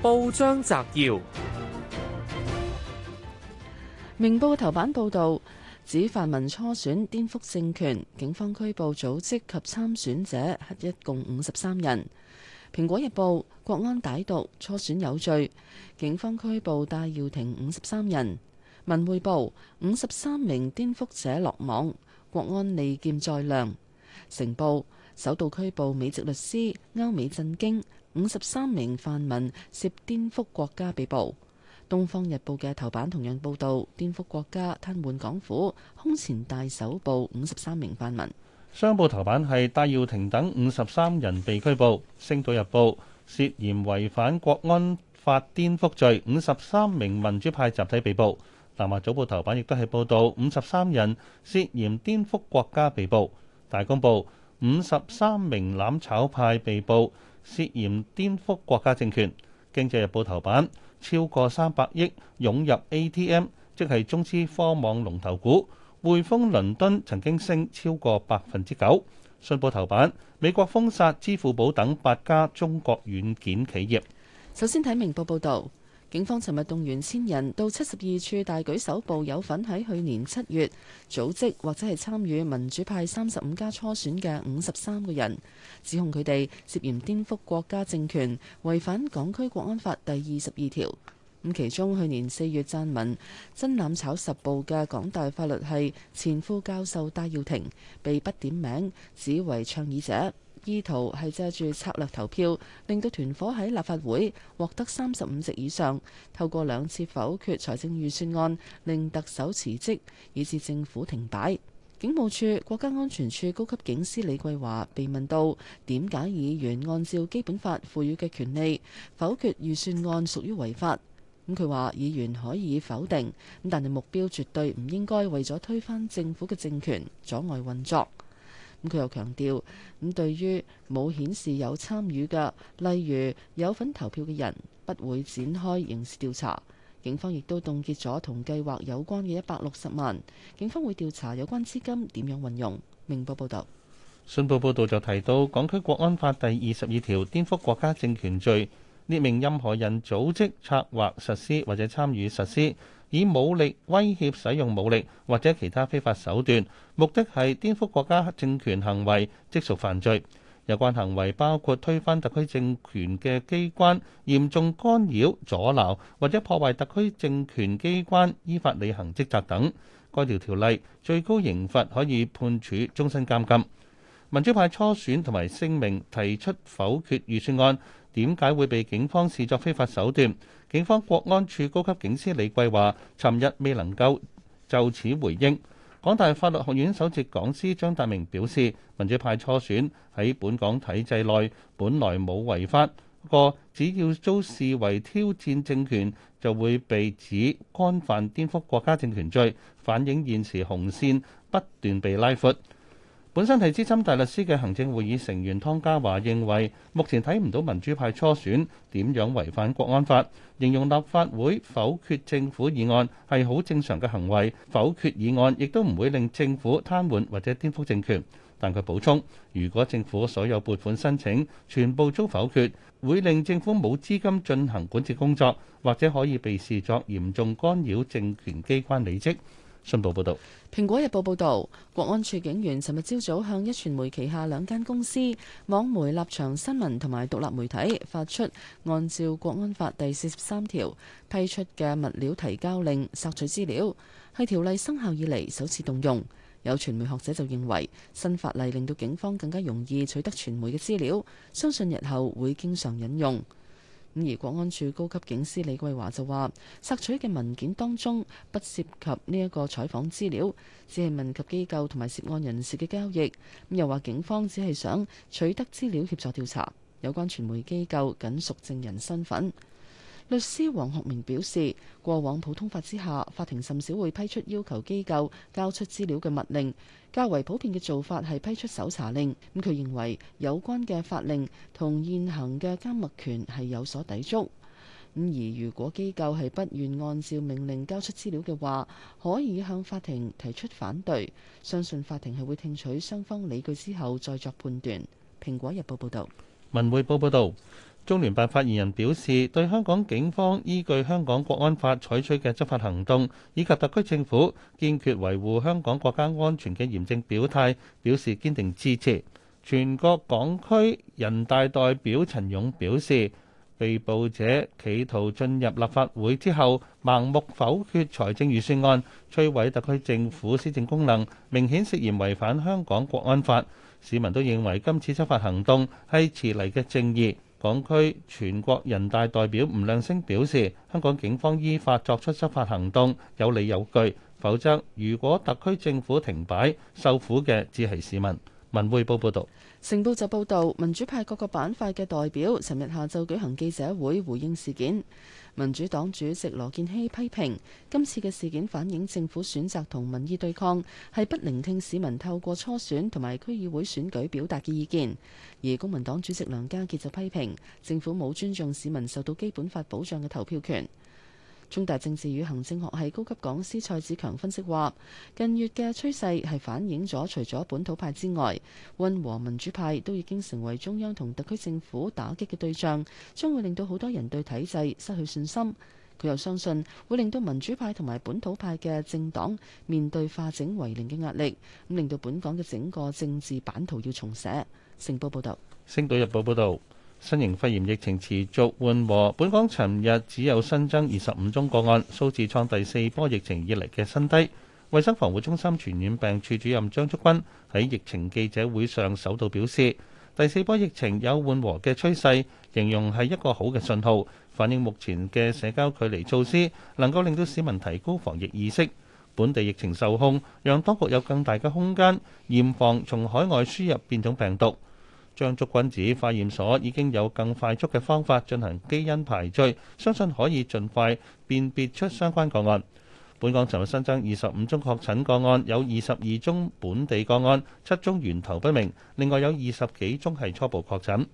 報章摘要：明報頭版報道指泛民初選顛覆政權，警方拘捕組織及參選者一共五十三人。蘋果日報國安歹毒，初選有罪，警方拘捕戴耀廷五十三人。文匯報五十三名顛覆者落網，國安利劍再亮。成報。首度拘捕美籍律師，歐美震驚。五十三名泛民涉顛覆國家被捕。東方日報嘅頭版同樣報道顛覆國家、癱瘓港府，空前大手捕五十三名泛民。商報頭版係戴耀廷等五十三人被拘捕。星島日報涉嫌違反國安法顛覆罪，五十三名民主派集體被捕。南華早報頭版亦都係報道五十三人涉嫌顛覆國家被捕。大公報。五十三名攬炒派被捕，涉嫌顛覆國家政權。經濟日報頭版，超過三百億湧入 ATM，即係中資科網龍頭股。匯豐倫敦曾經升超過百分之九。信報頭版，美國封殺支付寶等八家中國軟件企業。首先睇明報報道。警方尋日動員千人到七十二處大舉搜捕，有份喺去年七月組織或者係參與民主派三十五加初選嘅五十三個人，指控佢哋涉嫌顛覆國家政權，違反港區國安法第二十二條。咁其中去年四月撰文、真攬炒十步嘅港大法律系前副教授戴耀廷，被不點名指為倡議者。意圖係借住策略投票，令到團伙喺立法會獲得三十五席以上，透過兩次否決財政預算案，令特首辭職，以致政府停擺。警務處國家安全處高級警司李桂華被問到點解議員按照基本法賦予嘅權利否決預算案屬於違法？咁佢話：議員可以否定，但係目標絕對唔應該為咗推翻政府嘅政權，阻礙運作。咁佢又強調，咁對於冇顯示有參與嘅，例如有份投票嘅人，不會展開刑事調查。警方亦都凍結咗同計劃有關嘅一百六十萬。警方會調查有關資金點樣運用。明報報道，信報報道就提到，《港區國安法》第二十二條，顛覆國家政權罪。列明任何人組織、策劃、實施或者參與實施，以武力、威脅使用武力或者其他非法手段，目的係顛覆國家政權行為，即屬犯罪。有關行為包括推翻特區政權嘅機關，嚴重干擾、阻撓或者破壞特區政權機關依法履行職責等。該條條例最高刑罰可以判處終身監禁。民主派初選同埋聲明提出否決預算案。點解會被警方視作非法手段？警方國安處高級警司李桂華話，尋日未能夠就此回應。港大法律學院首席講師張達明表示，民主派初選喺本港體制內本來冇違法，不過只要遭視為挑戰政權，就會被指干犯顛覆國家政權罪，反映現時紅線不斷被拉闊。本身係資深大律師嘅行政會議成員湯家驊認為，目前睇唔到民主派初選點樣違反國安法，形容立法會否決政府議案係好正常嘅行為，否決議案亦都唔會令政府癱瘓或者顛覆政權。但佢補充，如果政府所有撥款申請全部遭否決，會令政府冇資金進行管治工作，或者可以被視作嚴重干擾政權機關履職。信報報導，《蘋果日報》報導，國安處警員尋日朝早向一傳媒旗下兩間公司、網媒、立場新聞同埋獨立媒體發出按照《國安法》第四十三條批出嘅物料提交令，索取資料，係條例生效以嚟首次動用。有傳媒學者就認為，新法例令到警方更加容易取得傳媒嘅資料，相信日後會經常引用。而國安處高級警司李桂華就話，索取嘅文件當中不涉及呢一個採訪資料，只係問及機構同埋涉案人士嘅交易。又話警方只係想取得資料協助調查，有關傳媒機構僅屬證人身份。律師黃學明表示，過往普通法之下，法庭甚少會批出要求機構交出資料嘅密令，較為普遍嘅做法係批出搜查令。咁佢認為有關嘅法令同現行嘅監物權係有所抵觸。咁而如果機構係不願按照命令交出資料嘅話，可以向法庭提出反對。相信法庭係會聽取雙方理據之後再作判斷。《蘋果日報》報道。《文匯報》報道。中聯辦發言人表示，對香港警方依據香港國安法採取嘅執法行動，以及特區政府堅決維護香港國家安全嘅嚴正表態，表示堅定支持。全國港區人大代表陳勇表示，被捕者企圖進入立法會之後，盲目否決財政預算案，摧毀特區政府施政功能，明顯涉嫌違反香港國安法。市民都認為今次執法行動係遲嚟嘅正義。港區全國人大代表吳亮星表示，香港警方依法作出執法行動，有理有據。否則，如果特區政府停擺，受苦嘅只係市民。文匯報報道，成報就報道民主派各個板塊嘅代表，尋日下晝舉行記者會回應事件。民主黨主席羅建熙批評今次嘅事件反映政府選擇同民意對抗，係不聆聽市民透過初選同埋區議會選舉表達嘅意見。而公民黨主席梁家傑就批評政府冇尊重市民受到基本法保障嘅投票權。中大政治與行政學系高級講師蔡子強分析話：近月嘅趨勢係反映咗，除咗本土派之外，溫和民主派都已經成為中央同特區政府打擊嘅對象，將會令到好多人對體制失去信心。佢又相信會令到民主派同埋本土派嘅政黨面對化整為零嘅壓力，咁令到本港嘅整個政治版圖要重寫。成報報導，《星島日報》報導。新型肺炎疫情持續緩和，本港尋日只有新增二十五宗個案，數字創第四波疫情以嚟嘅新低。衛生防護中心傳染病處主任張竹君喺疫情記者會上首度表示，第四波疫情有緩和嘅趨勢，形容係一個好嘅信號，反映目前嘅社交距離措施能夠令到市民提高防疫意識，本地疫情受控，讓當局有更大嘅空間嚴防從海外輸入變種病毒。張竹君指，化驗所已經有更快速嘅方法進行基因排序，相信可以盡快辨別出相關個案。本港昨日新增二十五宗確診個案，有二十二宗本地個案，七宗源頭不明，另外有二十幾宗係初步確診。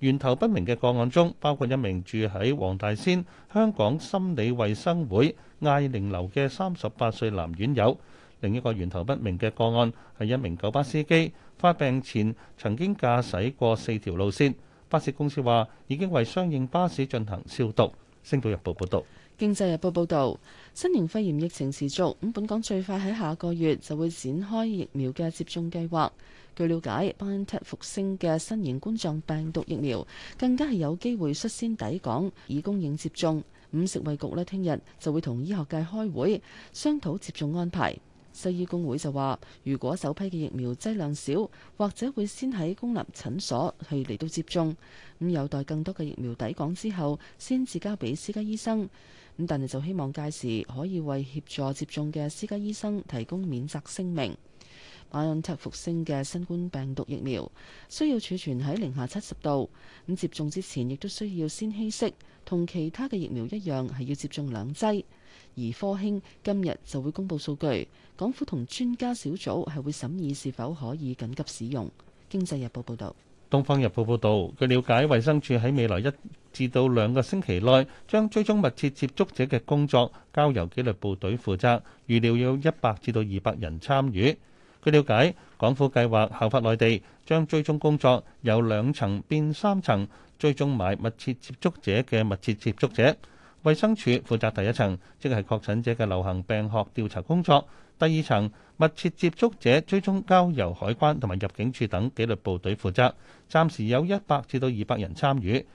源頭不明嘅個案中，包括一名住喺黃大仙香港心理衞生會艾玲樓嘅三十八歲男院友。另一個源頭不明嘅個案係一名九巴司機，發病前曾經駕駛過四條路線。巴士公司話已經為相應巴士進行消毒。星島日報報導，《經濟日報》報導，新型肺炎疫情持續，咁本港最快喺下個月就會展開疫苗嘅接種計劃。據瞭解，BioNTech 復星嘅新型冠狀病毒疫苗更加係有機會率先抵港以供應接種。咁食衛局呢，聽日就會同醫學界開會商討接種安排。西醫公會就話，如果首批嘅疫苗劑量少，或者會先喺公立診所去嚟到接種，咁有待更多嘅疫苗抵港之後，先至交俾私家醫生。咁但係就希望屆時可以為協助接種嘅私家醫生提供免責聲明。阿恩策復星嘅新冠病毒疫苗需要儲存喺零下七十度，咁接種之前亦都需要先稀釋，同其他嘅疫苗一樣係要接種兩劑。而科興今日就會公布數據，港府同專家小組係會審議是否可以緊急使用。經濟日報報導，東方日報報導，據瞭解，衛生署喺未來一至到兩個星期內，將追蹤密切接觸者嘅工作，交由紀律部隊負責。預料要一百至到二百人參與。據瞭解，港府計劃效法內地，將追蹤工作由兩層變三層，追蹤埋密切接觸者嘅密切接觸者。衛生署負責第一層，即係確診者嘅流行病學調查工作；第二層密切接觸者追蹤，交由海關同埋入境處等紀律部隊負責。暫時有一百至到二百人參與。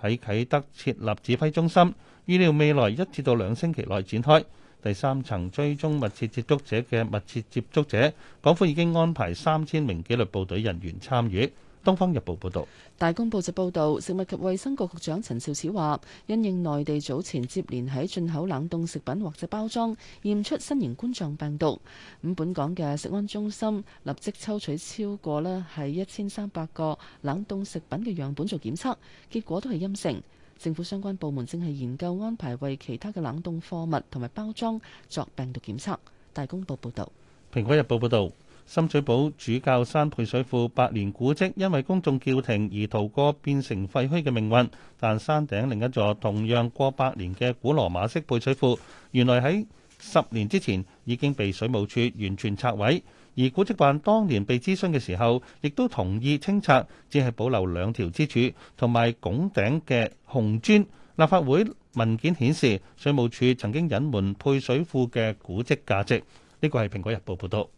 喺啟德設立指揮中心，預料未來一至到兩星期內展開。第三層追蹤密切接觸者嘅密切接觸者，港府已經安排三千名紀律部隊人員參與。《東方日報》報道，《大公報》就報導，食物及衛生局局長陳肇始話，因應內地早前接連喺進口冷凍食品或者包裝驗出新型冠狀病毒，咁本港嘅食安中心立即抽取超過呢係一千三百個冷凍食品嘅樣本做檢測，結果都係陰性。政府相關部門正係研究安排為其他嘅冷凍貨物同埋包裝作病毒檢測。《大公報》報道。《蘋果日報》報導。深水埗主教山配水庫百年古跡，因為公眾叫停而逃過變成廢墟嘅命運。但山頂另一座同樣過百年嘅古羅馬式配水庫，原來喺十年之前已經被水務署完全拆毀。而古跡辦當年被諮詢嘅時候，亦都同意清拆，只係保留兩條支柱同埋拱頂嘅紅磚。立法會文件顯示，水務署曾經隱瞞配水庫嘅古跡價值。呢個係《蘋果日報》報導。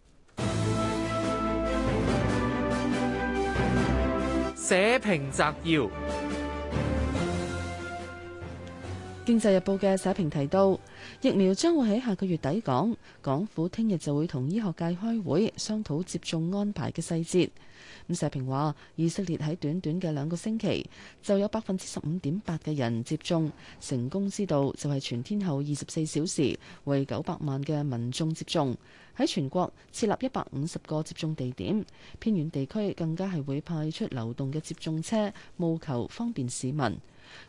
社評摘要：《經濟日報》嘅社評提到，疫苗將會喺下個月底港，港府聽日就會同醫學界開會商討接種安排嘅細節。咁社評話，以色列喺短短嘅兩個星期就有百分之十五點八嘅人接種，成功之道就係全天候二十四小時為九百萬嘅民眾接種，喺全國設立一百五十個接種地點，偏遠地區更加係會派出流動嘅接種車，務求方便市民。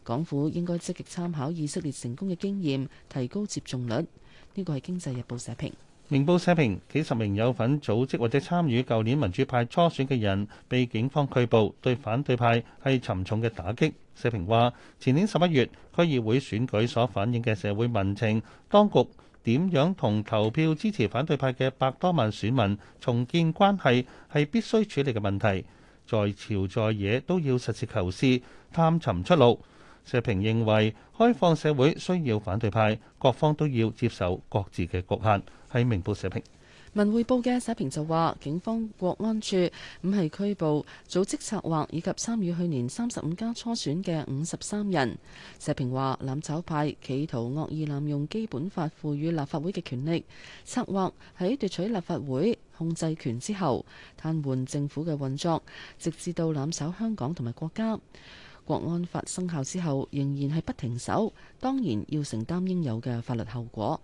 港府應該積極參考以色列成功嘅經驗，提高接種率。呢個係經濟日報社評。明報社評，幾十名有份組織或者參與舊年民主派初選嘅人被警方拘捕，對反對派係沉重嘅打擊。社評話，前年十一月區議會選舉所反映嘅社會民情，當局點樣同投票支持反對派嘅百多萬選民重建關係係必須處理嘅問題，在朝在野都要實事求是探尋出路。社評認為，開放社會需要反對派，各方都要接受各自嘅局限。喺明報社評，文匯報嘅社評就話，警方國安處唔係拘捕組織策劃以及參與去年三十五家初選嘅五十三人。社評話，攬炒派企圖惡意濫用基本法賦予立法會嘅權力，策劃喺奪取立法會控制權之後，癱瘓政府嘅運作，直至到攬炒香港同埋國家。國安法生效之後，仍然係不停手，當然要承擔應有嘅法律後果。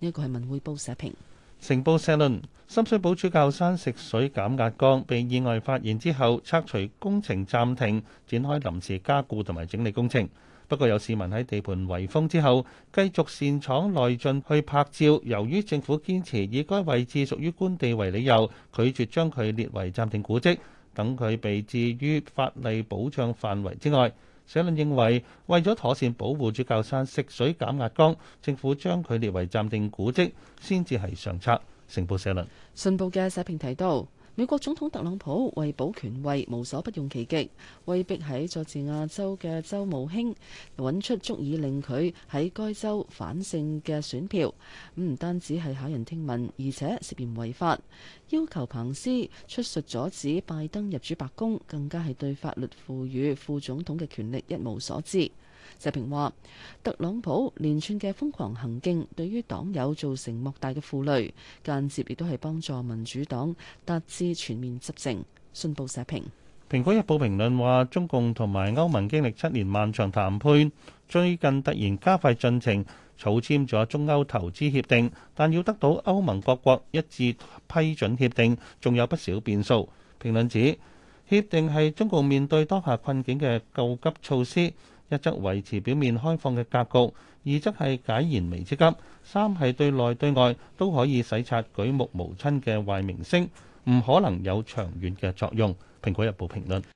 呢個係文匯報社評。成報社論：深水埗主教山食水減壓缸被意外發現之後，拆除工程暫停，展開臨時加固同埋整理工程。不過有市民喺地盤圍封之後，繼續擅闖內進去拍照。由於政府堅持以該位置屬於官地為理由，拒絕將佢列為暫停古蹟。等佢被置於法例保障範圍之外，社論認為為咗妥善保護主教山食水減壓缸，政府將佢列為暫定古蹟，先至係上策。成報社論。信報嘅社評提到。美國總統特朗普為保權位，無所不用其極，威逼喺佐治亞州嘅州務卿揾出足以令佢喺該州反勝嘅選票。唔單止係駭人聽聞，而且涉嫌違法，要求彭斯出述阻止拜登入主白宮，更加係對法律賦予副總統嘅權力一無所知。社評話，特朗普連串嘅瘋狂行徑，對於黨友造成莫大嘅負累，間接亦都係幫助民主黨達至全面執政。信報社評，《蘋果日報》評論話，中共同埋歐盟經歷七年漫長談判，最近突然加快進程，草簽咗中歐投資協定，但要得到歐盟各國一致批准協定，仲有不少變數。評論指，協定係中共面對當下困境嘅救急措施。一則維持表面開放嘅格局，二則係解燃眉之急，三係對內對外都可以洗刷舉目無親嘅壞名聲，唔可能有長遠嘅作用。《蘋果日報》評論。